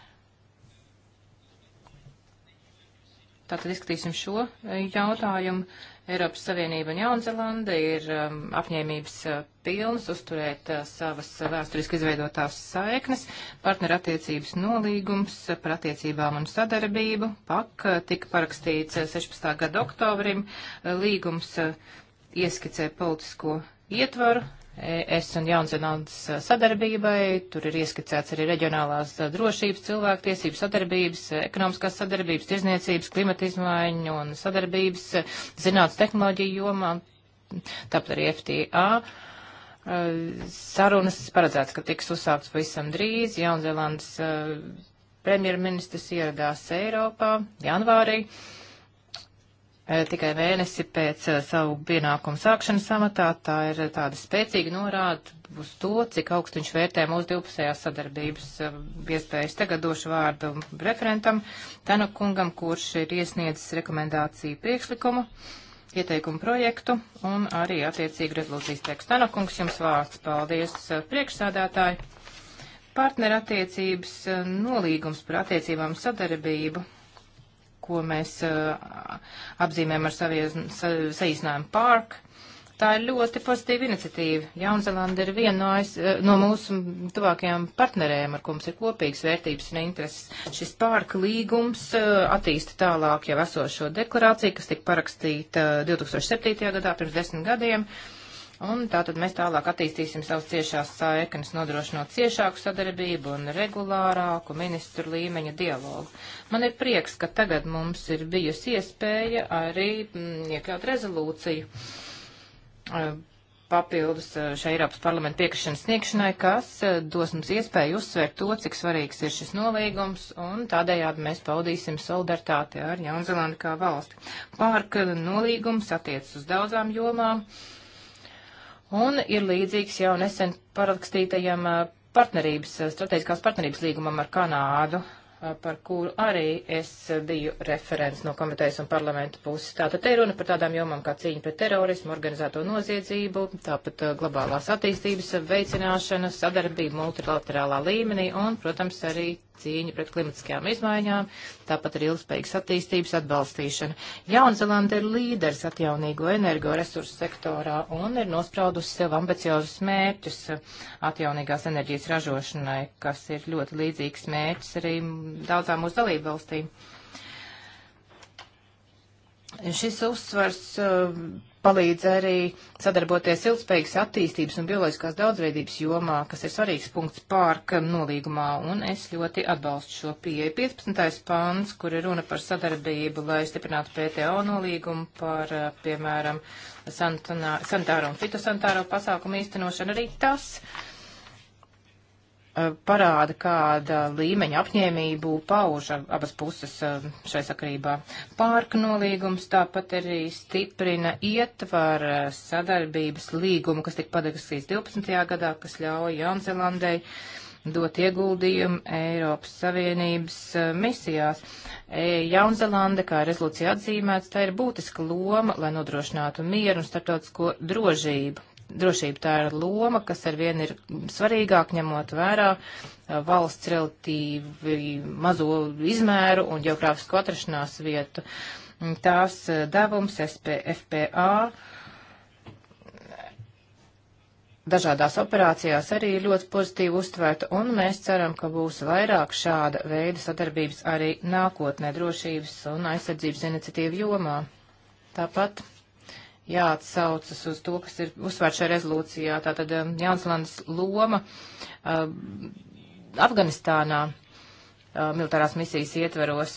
Tātad izskatīsim šo e, jautājumu. Eiropas Savienība un Jaunzelanda ir um, apņēmības uh, pilnas uzturēt uh, savas uh, vēsturiski izveidotās saiknes, partnerattiecības nolīgums uh, par attiecībām un sadarbību. Pak uh, tika parakstīts 16. Uh, gada oktobrim, līgums ieskicē politisko ietvaru es un Jaunzēlandes uh, sadarbībai. Tur ir ieskicēts arī reģionālās uh, drošības, cilvēktiesības sadarbības, uh, ekonomiskās sadarbības, tirzniecības, klimata izmaiņu un sadarbības zinātnes tehnoloģiju jomā, tāpat arī FTA. Sarunas paredzēts, ka tiks uzsākts pavisam drīz. Jaunzēlandes premjerministrs ieradās Eiropā janvārī. Uh, Eh, tikai mēnesi pēc eh, savu pienākumu sākšanas amatā. Tā ir eh, tāda spēcīga norāda uz to, cik augstu viņš vērtē mūsu divpusējās sadarbības iespējas. Tagad došu vārdu referentam Tanukungam, kurš ir iesniedzis rekomendāciju priekšlikumu, ieteikumu projektu un arī attiecīgi rezolūcijas tekstu. Tanukungs, jums vārds. Paldies, priekšsādātāji. Partnerattiecības nolīgums par attiecībām sadarbību ko mēs apzīmējam ar saīsinājumu park. Tā ir ļoti pozitīva iniciatīva. Jaunzelanda ir viena no, aiz, no mūsu tuvākajām partnerēm, ar ko mums ir kopīgas vērtības un intereses. Šis pārka līgums attīsta tālāk jau esošo deklarāciju, kas tika parakstīta 2007. gadā pirms desmit gadiem. Uh, Un tātad mēs tālāk attīstīsim savus ciešās saiknes, nodrošinot ciešāku sadarbību un regulārāku ministru līmeņa dialogu. Man ir prieks, ka tagad mums ir bijusi iespēja arī m, mm, iekļaut rezolūciju eh, papildus eh, šai Eiropas parlamenta piekrišanas sniegšanai, kas eh, dos mums iespēju uzsvērt to, cik svarīgs ir šis nolīgums, un tādējādi mēs paudīsim solidaritāti ar Jaunzelandi kā valsti. Pārka nolīgums attiecas uz daudzām jomām. Uh, un ir līdzīgs jau nesen parakstītajam partnerības, strateģiskās partnerības līgumam ar Kanādu, par kuru arī es biju referents no komitejas un parlamenta puses. Tātad te runa par tādām jomām kā cīņa pret terorismu, organizēto noziedzību, tāpat globālās attīstības veicināšana, sadarbība multilaterālā līmenī un, protams, arī cīņa pret klimatiskajām izmaiņām, tāpat arī ilgspējīgas attīstības atbalstīšana. Jaunzelanda ir līderis atjaunīgo energoresursu sektorā un ir nospraudusi sev ambiciozus mērķus atjaunīgās enerģijas ražošanai, kas ir ļoti līdzīgs mērķis arī daudzām mūsu dalību valstīm. Šis uzsvars uh, palīdz arī sadarboties ilgspējīgas attīstības un bioloģiskās daudzveidības jomā, kas ir svarīgs punkts pārka nolīgumā, un es ļoti atbalstu šo pieeju. 15. pāns, kur ir runa par sadarbību, lai stiprinātu PTO nolīgumu par, eh, piemēram, sanitāro un fitosanitāro pasākumu īstenošanu, arī tas Uh, parāda, kāda līmeņa apņēmību pauž abas puses uh, šai sakarībā. Pārka nolīgums tāpat arī stiprina ietvar uh, sadarbības līgumu, kas tika padarīts 12. gadā, kas ļauj Jaunzelandai dot ieguldījumu Eiropas Savienības misijās. E, Jaunzelanda, kā rezolūcija atzīmēts, tā ir būtiska loma, lai nodrošinātu mieru un starptautisko drošību drošība tā ir loma, kas ar vienu ir svarīgāk ņemot vērā valsts relatīvi mazo izmēru un geogrāfisko atrašanās vietu. Tās devums SP, FPA dažādās operācijās arī ļoti pozitīvi uztvērta, un mēs ceram, ka būs vairāk šāda veida sadarbības arī nākotnē drošības un aizsardzības iniciatīvu jomā. Tāpat jāatsaucas uz to, kas ir uzsvērts šajā rezolūcijā, tātad um, Jaunzēlandes loma uh, Afganistānā uh, militārās misijas ietveros.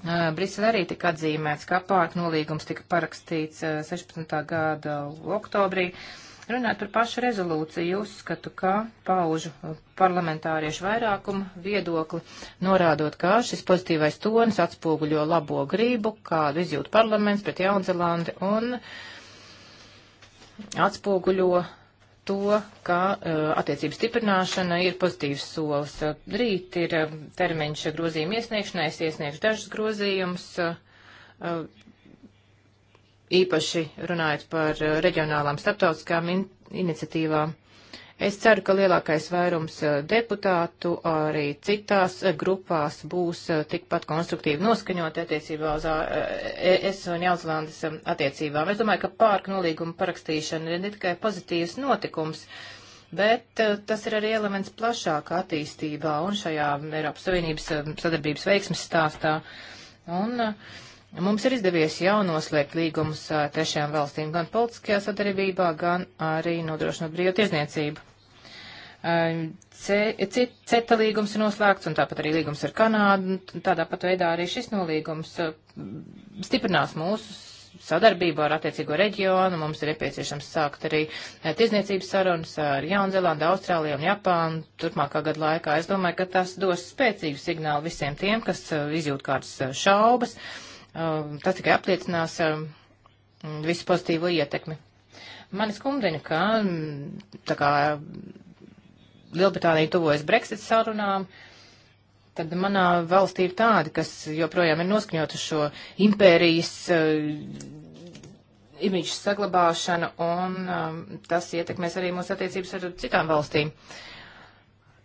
Uh, Brisele arī tika atzīmēts, ka pārāk nolīgums tika parakstīts 16. Uh, gada oktobrī. Uh, Runājot par pašu rezolūciju, uzskatu, ka paužu parlamentāriešu vairākumu viedokli, norādot, ka šis pozitīvais tonis atspoguļo labo grību, kādu izjūt parlaments pret Jaunzelandi un atspoguļo to, ka uh, e, attiecības stiprināšana ir pozitīvs solis. Rīt ir e, termiņš grozījuma iesniegšanai, es iesniegšu dažus grozījumus. Uh, īpaši runājot par uh, reģionālām starptautiskām in iniciatīvām. Es ceru, ka lielākais vairums uh, deputātu arī citās uh, grupās būs tikpat konstruktīvi noskaņot attiecībā uz e, ES un Jaunzēlandes um, attiecībām. Es domāju, ka pārka nolīguma parakstīšana ir ne tikai pozitīvs notikums, bet tas ir arī elements plašākā attīstībā un šajā Eiropas Savienības um, sadarbības veiksmes stāstā. Un, uh, Mums ir izdevies jau noslēgt līgumus ar trešajām valstīm gan politiskajā sadarbībā, gan arī nodrošinot brīvu tirzniecību. Cita līgums ir noslēgts, un tāpat arī līgums ar Kanādu, un tādā pat veidā arī šis nolīgums stiprinās mūsu sadarbību ar attiecīgo reģionu. Mums ir nepieciešams sākt arī tirzniecības sarunas ar Jaunzēlandu, Austrāliju un Japānu turpmākā gada laikā. Es domāju, ka tas dos spēcīgu signālu visiem tiem, kas izjūt kādas šaubas. Uh, Um, tas tikai apliecinās um, visu pozitīvo ietekmi. Mani skumdina, ka mm, tā kā Lielbritānija tuvojas Brexit sarunām, tad manā valstī ir tādi, kas joprojām ir noskaņoti šo impērijas uh, imidžu saglabāšanu, un um, tas ietekmēs arī mūsu attiecības ar citām valstīm.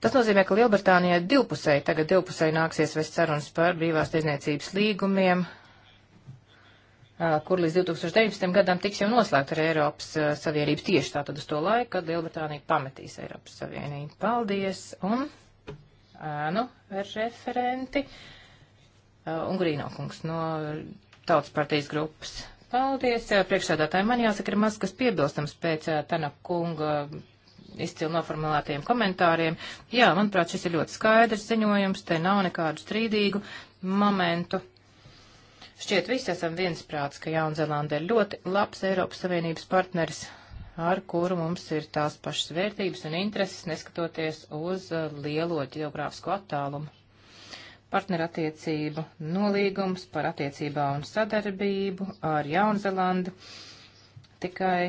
Tas nozīmē, ka Lielbritānijai divpusēji tagad divpusēji nāksies vest sarunas par brīvās tiesniecības līgumiem, kur līdz 2019. gadam tiks jau noslēgta ar Eiropas Savienību tieši tātad uz to laiku, kad Lielbritānija pametīs Eiropas Savienību. Paldies! Un ēnu referenti un Grīnokungs no Tautas partijas grupas. Paldies! Priekšsēdātāji man jāsaka ir maz, kas piebilstams pēc Tana kunga izcili noformulētajiem komentāriem. Jā, manuprāt, šis ir ļoti skaidrs ziņojums, te nav nekādu strīdīgu momentu Šķiet, visi esam viensprāts, ka Jaunzēlanda ir ļoti labs Eiropas Savienības partneris, ar kuru mums ir tās pašas vērtības un intereses, neskatoties uz uh, lielo ģeogrāfisko attālumu. Partnerattiecību nolīgums par attiecībā un sadarbību ar Jaunzēlandu tikai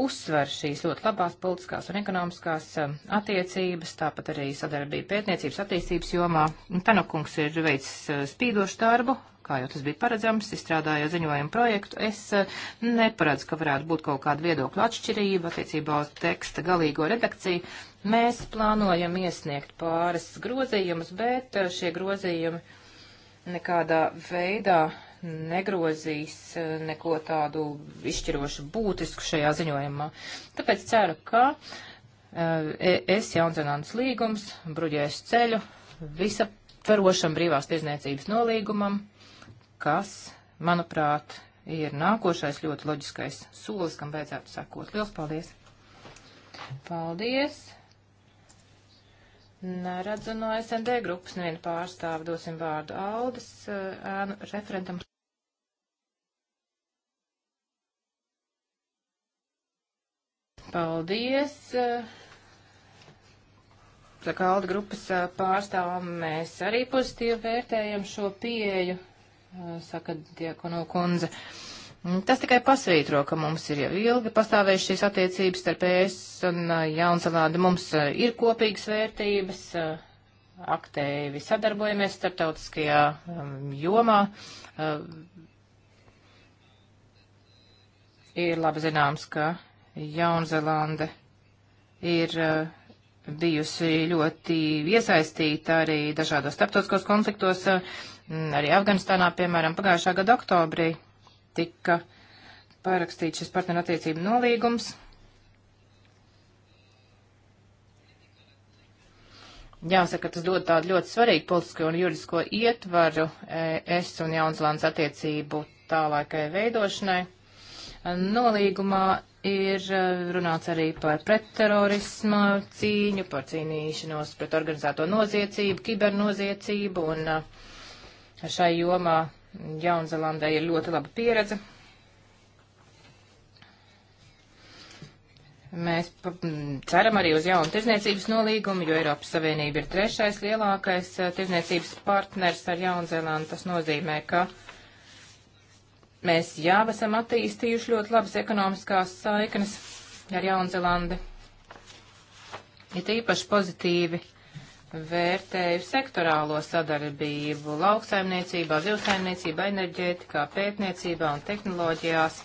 uzsver šīs ļoti labās politiskās un ekonomiskās um, attiecības, tāpat arī sadarbība pētniecības attīstības jomā. Tanokungs ir veicis uh, spīdošu darbu, kā jau tas bija paredzams, izstrādāja ziņojumu projektu. Es uh, neparedzu, ka varētu būt kaut kāda viedokļa atšķirība attiecībā uz teksta galīgo redakciju. Mēs plānojam iesniegt pāris grozījumus, bet uh, šie grozījumi nekādā veidā negrozīs eh, neko tādu izšķirošu būtisku šajā ziņojumā. Tāpēc ceru, ka eh, e-, es Jaunzēlandes līgums bruģēs ceļu visaptverošam brīvās tirzniecības nolīgumam, kas, manuprāt, ir nākošais ļoti loģiskais solis, kam vajadzētu sakot. Liels paldies! Paldies! Neredzu no SND grupas nevienu pārstāvu. Dosim vārdu Aldis eh, ēnu referentam. Paldies! Saka, Alda grupas pārstāvam mēs arī pozitīvi vērtējam šo pieeju, saka Diekonu kundze. Tas tikai pasvītro, ka mums ir jau ilgi pastāvējušas attiecības starp ES un Jaunzelādu. Mums ir kopīgas vērtības, aktīvi sadarbojamies starptautiskajā jomā. Ir labi zināms, ka Jaunzelande ir eh, bijusi ļoti iesaistīta arī dažādos starptautiskos konfliktos, eh, arī Afganistānā, piemēram, pagājušā gada oktobrī tika parakstīts šis partnerattiecību nolīgums. Jāsaka, tas dod tādu ļoti svarīgu politisko un juridisko ietvaru eh, es un Jaunzēlandes attiecību tālākai veidošanai. Nolīgumā ir eh, runāts arī par pretterorismu cīņu, par cīnīšanos pret organizēto noziedzību, kibernoziedzību, un eh, šai jomā Jaunzelandē ir ļoti laba pieredze. Mēs ceram arī uz jaunu tirzniecības nolīgumu, jo Eiropas Savienība ir trešais lielākais eh, tirzniecības partners ar Jaunzēlandu. Tas nozīmē, ka uh, Mēs jau esam attīstījuši ļoti labas ekonomiskās saiknes ar Jaunzelandi. Ir ja īpaši pozitīvi vērtēju sektorālo sadarbību lauksaimniecībā, zivsaimniecībā, enerģētikā, pētniecībā un tehnoloģijās.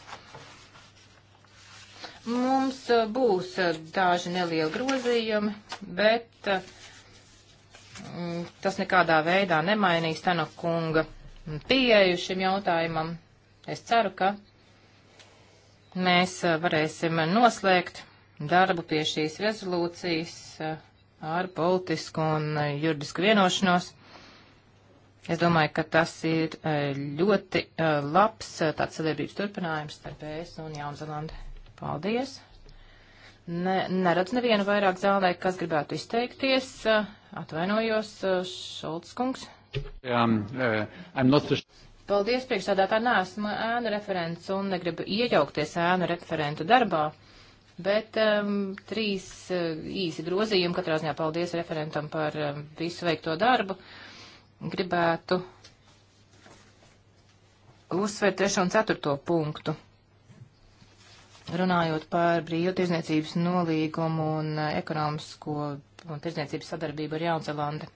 Mums eh, būs eh, daži nelieli grozījumi, bet eh, mm, tas nekādā veidā nemainīs Tanokunga pieeju šim jautājumam. Es ceru, ka mēs eh, varēsim noslēgt darbu pie šīs rezolūcijas eh, ar politisku un eh, juridisku vienošanos. Es domāju, ka tas ir ļoti labs tāds sadarbības turpinājums starp ES un Jaunzelandi. Paldies! Ne, neredz nevienu vairāk zālē, kas gribētu izteikties. Atvainojos, Šolts kungs. Um, uh, Paldies, priekšsādātā, neesmu ēnu referents un negribu iejaukties ēnu referentu darbā, bet um, trīs uh, īsi grozījumi, katrā ziņā paldies referentam par um, visu veikto darbu, gribētu uzsvērt trešo un ceturto punktu. Runājot par brīvotirzniecības nolīgumu un uh, ekonomisko un tirzniecības sadarbību ar Jaunzelandi.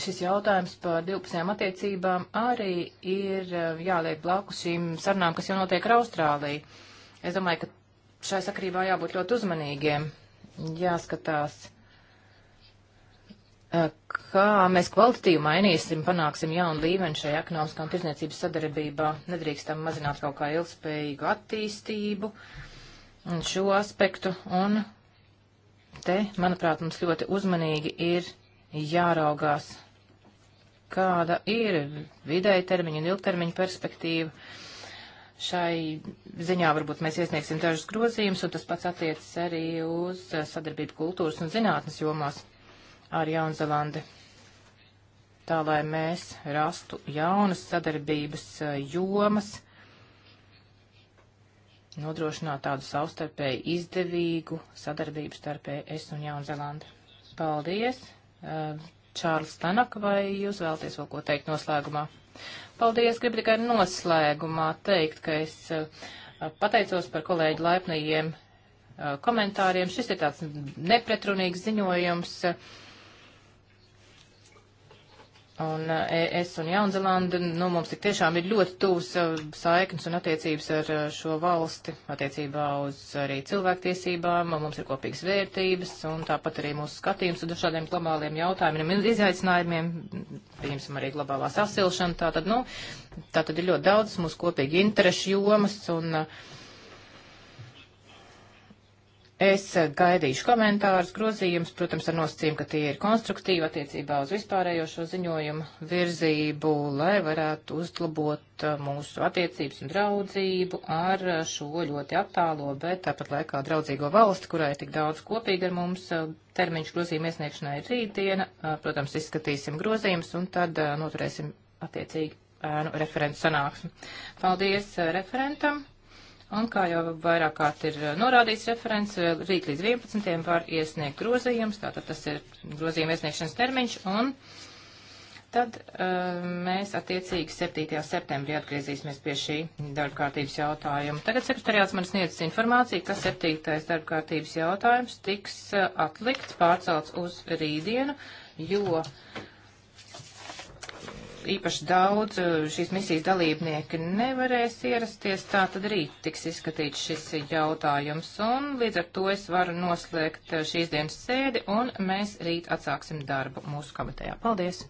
šis jautājums par divpusējām attiecībām arī ir eh, jāliek blakus šīm sarunām, kas jau notiek ar Austrāliju. Es domāju, ka šai sakrībā jābūt ļoti uzmanīgiem. Jāskatās, eh, kā mēs kvalitatīvi mainīsim, panāksim jaunu līmeni šajā ekonomiskā un tirzniecības sadarbībā. Nedrīkstam mazināt kaut kā ilgspējīgu attīstību un mm, šo aspektu. Un te, manuprāt, mums ļoti uzmanīgi ir jāraugās kāda ir vidēja termiņa un ilgtermiņa perspektīva. Šai ziņā varbūt mēs iesniegsim dažus grozījumus, un tas pats attiecas arī uz eh, sadarbību kultūras un zinātnes jomās ar Jaunzelandi. Tā lai mēs rastu jaunas sadarbības eh, jomas, nodrošināt tādu savstarpēji izdevīgu sadarbību starp es un Jaunzelandi. Paldies! Eh, Čārlis Tanaka, vai jūs vēlties vēl ko teikt noslēgumā? Paldies, gribu tikai noslēgumā teikt, ka es eh, pateicos par kolēģi laipnajiem eh, komentāriem. Šis ir tāds nepretrunīgs ziņojums. Uh, Un eh, es un Jaunzelanda, nu, mums tik tiešām ir ļoti tūs eh, saiknes un attiecības ar eh, šo valsti, attiecībā uz arī cilvēktiesībām, mums ir kopīgas vērtības, un tāpat arī mūsu skatījums uz dažādiem globāliem jautājumiem un izaicinājumiem, pieņemsim arī globālā sasilšana, tātad, nu, tātad ir ļoti daudz mūsu kopīgi interešu jomas, un uh, Es gaidīšu komentārus, grozījumus, protams, ar nosacījumu, ka tie ir konstruktīvi attiecībā uz vispārējo šo ziņojumu virzību, lai varētu uzlabot uh, mūsu attiecības un draudzību ar uh, šo ļoti attālo, bet tāpat laikā draudzīgo valsti, kurai tik daudz kopīgi ar mums. Uh, termiņš grozījuma iesniegšanai ir rītdiena. Protams, izskatīsim grozījumus un tad noturēsim attiecīgi ēnu referentu sanāksmi. Paldies referentam! Un kā jau vairāk kārt ir uh, norādīts referents, uh, rīt līdz 11. var iesniegt grozījums, tātad tas ir grozījuma iesniegšanas termiņš, un tad uh, mēs attiecīgi 7. septembrī atgriezīsimies pie šī darbkārtības jautājuma. Tagad sekretariāts man sniedz informāciju, ka 7. darbkārtības jautājums tiks uh, atlikts, pārcelts uz rītdienu, jo uh, īpaši daudz eh, šīs misijas dalībnieki nevarēs ierasties, tā tad rīt tiks izskatīts šis jautājums. Un līdz ar to es varu noslēgt eh, šīs dienas sēdi, un mēs rīt atsāksim darbu mūsu komitejā. Paldies!